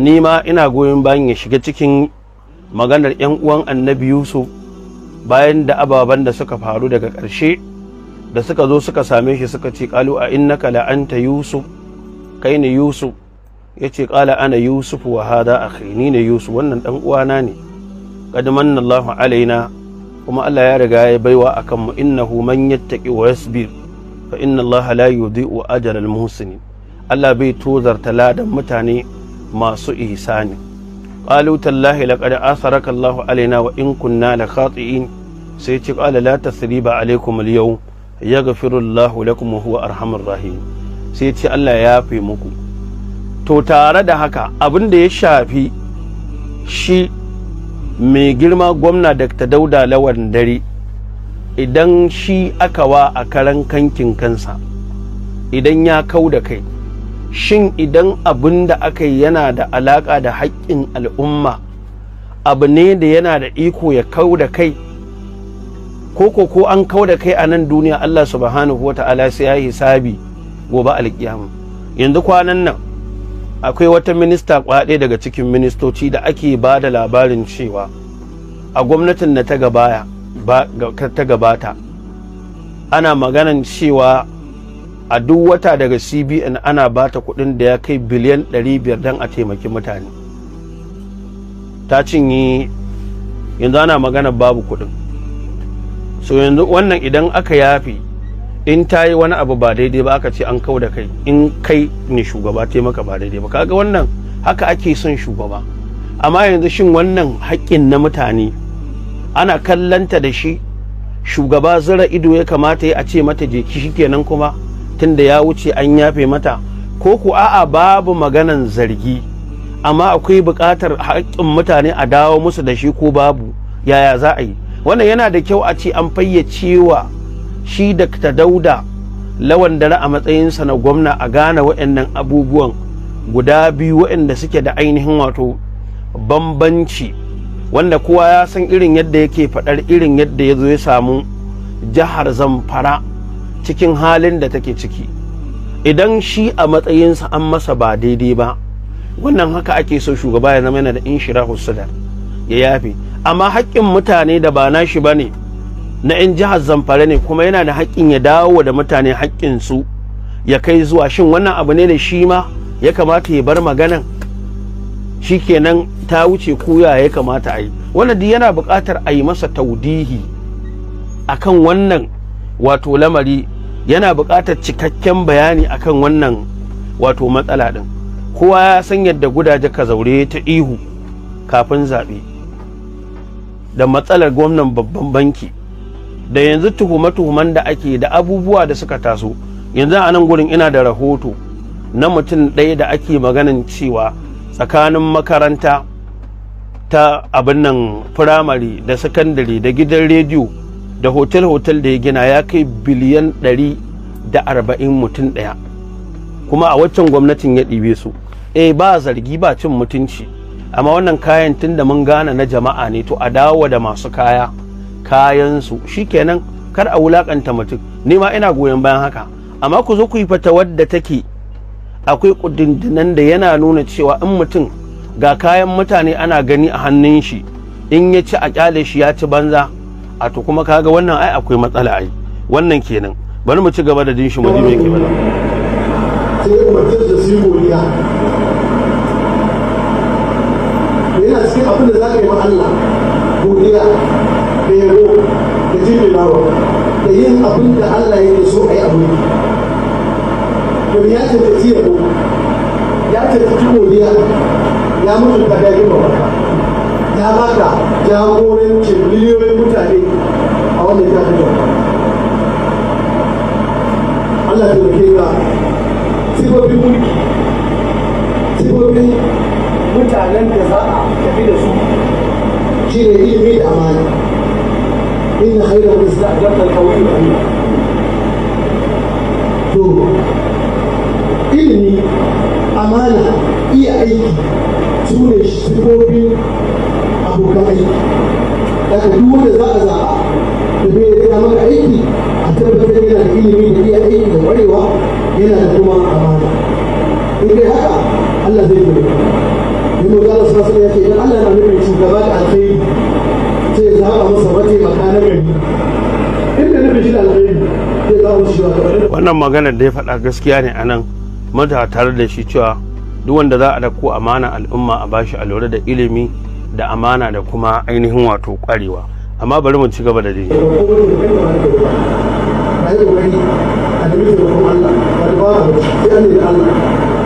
ni ma ina goyon bayan ya shiga cikin maganar 'yan uwan annabi yusuf bayan da ababen da suka faru daga karshe da suka zo suka same shi suka ce ƙalu a innaka la'anta yusuf kai ne yusuf ya ce kala ana yusuf wa hada a ni ne yusuf wannan ɗan uwana ne qad manna alaina kuma Allah ya riga ya baiwa akan mu innahu man yattaqi wa yasbir fa inna Allah la yudhi'u ajra al muhsinin Allah bai tozarta ladan mutane masu ihsani qalu tallahi laqad asaraka Allahu alaina wa in kunna la khati'in sai ce qala la tasriba alaykum al yawm yaghfiru Allahu lakum wa huwa arhamur rahim sai ce Allah ya yafe muku to tare da haka abin da ya shafi shi mai girma gwamna dr dauda lawan dare idan shi aka wa a karan kankin kansa idan ya kau da kai shin idan abin da aka yi yana da alaƙa da haƙƙin al'umma abu ne da yana da iko ya kau da kai ko ko ko an kau da kai a nan duniya allah subhanahu wa ta'ala sai ya hisabi gobe alƙiyamu yanzu kwanan nan akwai wata minista kwaɗe daga cikin ministoci da ake ba da labarin cewa a gwamnatin da ta gabaya ta gabata ana maganan cewa a duk wata daga cbn ana ba ta kudin da ya kai biliyan 500 don a taimaki mutane ta cinye yanzu ana magana babu kudin so yanzu wannan idan aka yafi in ta yi wani abu ba daidai ba aka ce an kau da kai in kai ne shugaba ta maka ba daidai ba kaga wannan haka ake son shugaba amma yanzu shin wannan haƙƙin na mutane ana kallanta da shi shugaba zira ido ya kamata ya ce mata jeki kenan kuma tunda ya wuce an yafe mata ko ku a'a babu maganan zargi amma akwai buƙatar haƙƙin mutane a dawo musu da shi ko babu yaya za a yi wannan yana da kyau a ce an fayyace wa shi da ta dauda lawan dare a matsayinsa na gwamna a gane waɗannan abubuwan guda biyu waɗanda suke da ainihin wato bambanci wanda kowa ya san irin yadda yake faɗar irin yadda ya zo ya samu jihar zamfara cikin halin da take ciki idan shi a matsayinsa an masa ba daidai ba wannan haka ake so shugaba ya zama yana da inshira hussadar ya yafe amma haƙƙin mutane da ba nashi ba ne na 'yan jihar zamfara ne kuma yana da haƙƙin ya dawo da mutane haƙƙinsu ya kai zuwa shin wannan abu ne da shi ma ya kamata ya bar maganan shi kenan ta wuce kuya ya kamata a yi wannan duk yana buƙatar a yi masa taudihi akan wannan wato lamari yana buƙatar cikakken bayani akan wannan wato matsala ɗin kowa ya san yadda gudaje ka zaure ta ihu kafin zaɓe da matsalar gwamnan babban banki da yanzu tuhume-tuhumen da ake da abubuwa da suka taso yanzu a nan gurin ina da rahoto na mutum ɗaya da ake maganin cewa tsakanin makaranta ta abin nan firamare da sakandare da gidan rediyo da hotel-hotel da ya gina ya kai biliyan ɗari da arba'in mutum ɗaya kuma a waccan gwamnatin ya ɗibe su eh ba zargi ba cin mutunci amma wannan kayan tun da mun gane na jama'a ne to a dawo da masu kaya kayansu shikenan kar a wulakanta mutum ni ma ina goyon bayan haka amma ku zo ku yi fata wadda take akwai kudindinan da yana nuna cewa in mutum ga kayan mutane ana gani a hannun shi in ya ci a kyale shi ya ci banza a to kuma kaga wannan ai akwai matsala ai wannan kenan bari mu ci gaba da jin shi mu ji me yake bada yana cikin abin da za ka yi wa Allah godiya wa da yin abin da Allah ya so a yi abu domin ya cancanci yabo ya cancanci godiya ya mutunta ya girmama ya baka jagorancin miliyoyin mutane a wannan jami'in da Allah ta rike ka sifofin mulki sifofin mutanen da za a tafi da su shi ne ilimi da amana ان خير الإصلاح جبل طويل شوف إني أمانة إي أي تونش تكوبي أبو لكن دول زعزع تبين إذا ما أيكي حتى بتجي لنا كل إي أي وعيوة هنا أيوة. أمانة إذا هكا الله زيد لك بمجرد فصل يا سيدي الله يعلمك شو كمان الخير sai ya a masa mataimaka na gari inda nufin shi da alheri zai zaɓa masa shugabannin wannan maganar da ya faɗa gaskiya ne a nan mata tare da shi cewa duk wanda za a dauko amana al'umma a bashi a lura da ilimi da amana da kuma ainihin wato ƙwarewa amma bari mu ci gaba da dai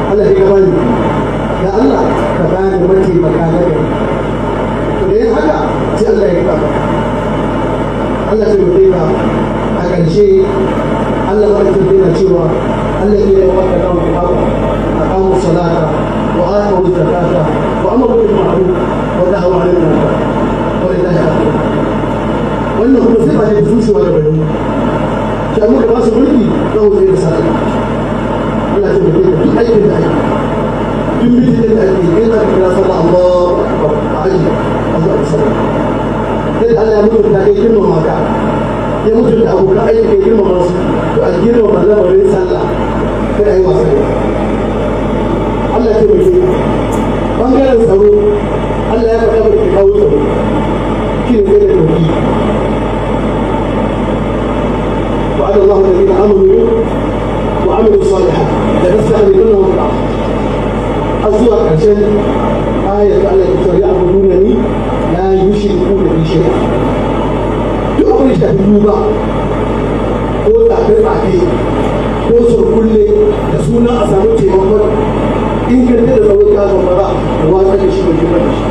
Allah ya bani da Allah ka bani mataimaka na gari جل إكرامه Allah zai rufe ka a ƙarshe Allah ba ta na cewa Allah zai yi wata kawo ku haku a kawo salata wa aka wuce zakata wa amma mutum ma'aru wa ta hawa ne na wa ta hawa wannan kuma sai ba ne zuciwa da bayani shi amma da ba su mulki kawo zai da salata Allah zai rufe ka duk aikin da aiki بالبدل الأكيد إذا كنا صلى الله أكبر عليه الله أكبر إذا ألا يموت بنا كلمة ما كان يموت بنا أبو كأي كي كلمة ما نصف تؤجير وبلا بريد سلا في أي واسع الله تبكي من قال الصبر الله يبقى قبل تقوي صبر وعد الله الذين آمنوا وعملوا الصالحات لنستخدم منهم العصر har ƙarshen ayar da Allah ya abu nuna ni la yushriku da ni duk abin da shafi duba ko tsafe-tsafe ko surkulle da suna a samu taimakon inganta da tsawon ta zambara da wasa da shi mai jimar da shi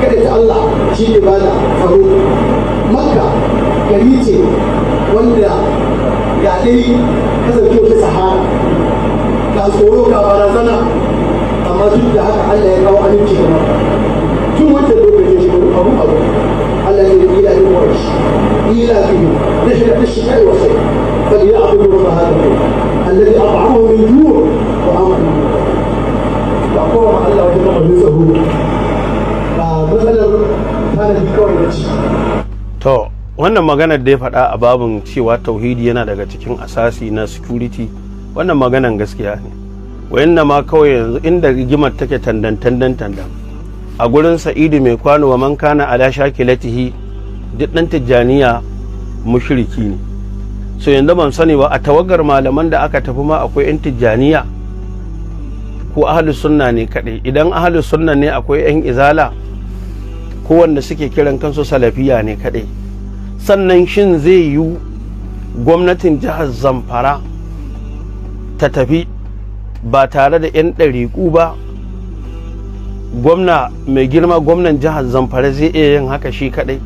kada ta Allah shi ne ba da tsaro makka gari ce wanda ya dai kasancewa ta sahara ga tsoro ga barazana amma duk da haka Allah ya kawo aminci ga mata tun wata lokacin shekaru abu abu Allah ya yi ila yin wani ila fiye da shi ta shi yi wasai bal ya abu yau ba hada alladhi at'amahu min ju' wa amana ba kowa Allah wajen lamarin tsaro ba matsalar tanadi kawai da ci to wannan maganar da ya faɗa a babin cewa tauhidi yana daga cikin asasi na security wannan maganan gaskiya ne wayanna ma kawai yanzu inda rigimar take tandan tandan tandan a gurin sa'idu mai kwano wa man kana ala shakilatihi duk dan tijjaniya mushriki ne so yanzu ban sani ba a tawagar malaman da aka tafi ma akwai yan tijjaniya ko ahlus sunna ne kadai idan ahlus sunna ne akwai yan izala ko wanda suke kiran kansu salafiya ne kadai sannan shin zai yi gwamnatin jihar zamfara ta tafi ba tare da 'yan ɗariƙu ba gwamna mai girma gwamnan jihar zamfara zai iya yin haka shi kaɗai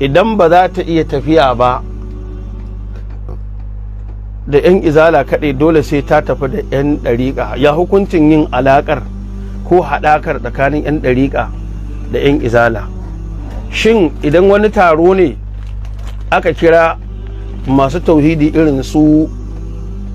idan ba za ta iya tafiya ba da 'yan izala kaɗai dole sai ta tafi da 'yan ɗariƙa ya hukuncin yin alaƙar ko haɗakar tsakanin 'yan ɗariƙa da 'yan izala shin idan wani taro ne aka kira masu tauhidi irin su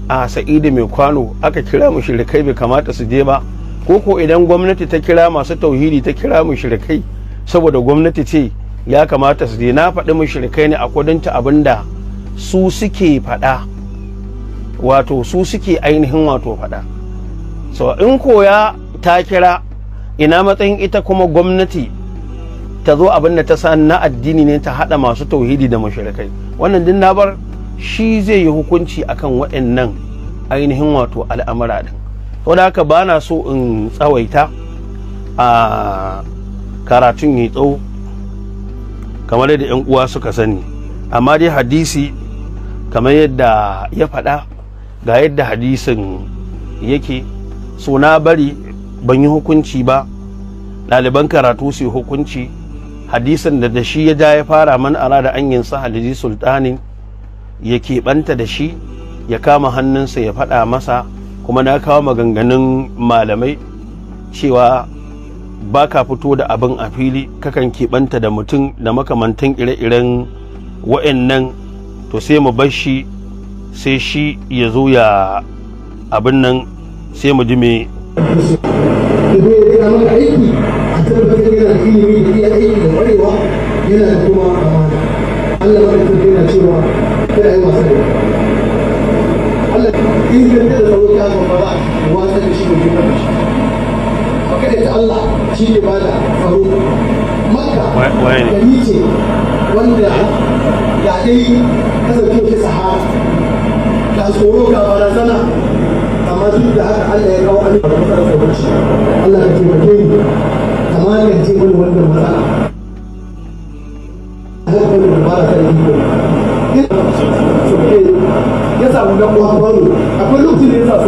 a sa'idu mai kwano aka kira mu shirikai bai kamata su je ba ko ko idan gwamnati ta kira masu tauhidi ta kira mu shirikai saboda gwamnati ce ya kamata su je na faɗi mu shirikai ne a kudinta abin da su suke faɗa wato su suke ainihin wato faɗa so in koya ta kira ina matsayin ita kuma gwamnati ta zo abin da ta sa na addini ne ta haɗa masu tauhidi da mashirikai wannan din na bar shi zai yi hukunci akan waɗannan ainihin wato al'amura ɗin saboda haka ba na so in tsawaita a karatun ya tsawo kamar yadda 'yan uwa suka sani amma dai hadisi kamar yadda ya faɗa ga yadda hadisin yake so na bari ban yi hukunci ba ɗaliban karatu su hukunci hadisin da da shi ya ja ya fara man da an yin sa hadisi sultanin ya keɓanta da shi ya kama hannunsa ya faɗa masa kuma na kawo maganganun malamai cewa ba ka fito da abin a fili kakan keɓanta da mutum da makamantan ire-iren wa'annan to sai mu bar shi sai shi ya zo ya abin nan sai mu ji me yana da kuma Allah ya tabbata cewa kada ai wasa da Allah ka da tsaro ya zo ba za a da shi da kuma shi ta bada tsaro wanda da dai kasance ke da tsoro Allah ya kawo alifar da tsaro shi Allah ka taimake ni kamar yanzu da da ya samu dan uwa baro akwai lokacin da ya sa da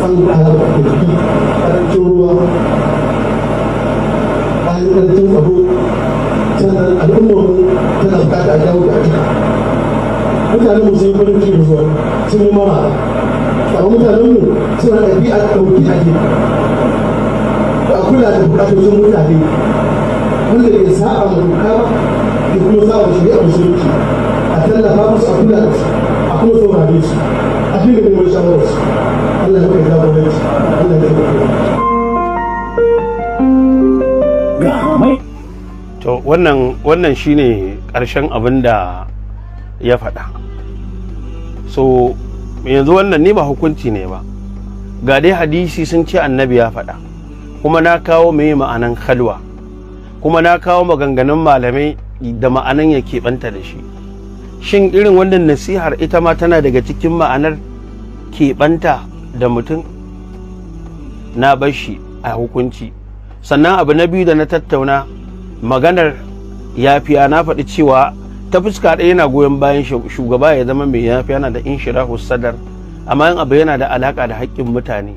an zama duka ruwa bayan karancin sannan al'ummar tana bukata a dawo da ita mutanen mu yi farin ciki da zuwa sun yi mama amma mutanen mu suna ɗabi'a ɗauki a gida ba a kula da bukatocin mutane wanda ke sa'a ma doka da kuma sa'a ma shari'a musulunci a tallafa musu a kula da su a kuma saurare su a dinga neman shawararsu Allah ya kai jagoranci Allah ya kai so wannan wannan shine ƙarshen abin da ya faɗa so yanzu wannan ne ba hukunci ne ba ga dai hadisi sun ce annabi ya faɗa kuma na kawo mai ma'anan kalwa kuma na kawo maganganun malamai da ma'anan ya keɓanta da shi shin irin wannan nasihar ita ma tana daga cikin ma'anar keɓanta da mutum na bashi a hukunci sannan abu na biyu da na tattauna maganar yafiya na faɗi cewa ta fuska ɗaya yana goyon bayan shugaba ya zama mai yafiya na da inshirahu sadar amma yin abu yana da alaƙa da haƙƙin mutane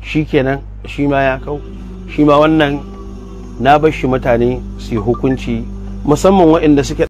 shi kenan shi ma ya kau shi ma wannan na bashi mutane su hukunci musamman waɗanda suke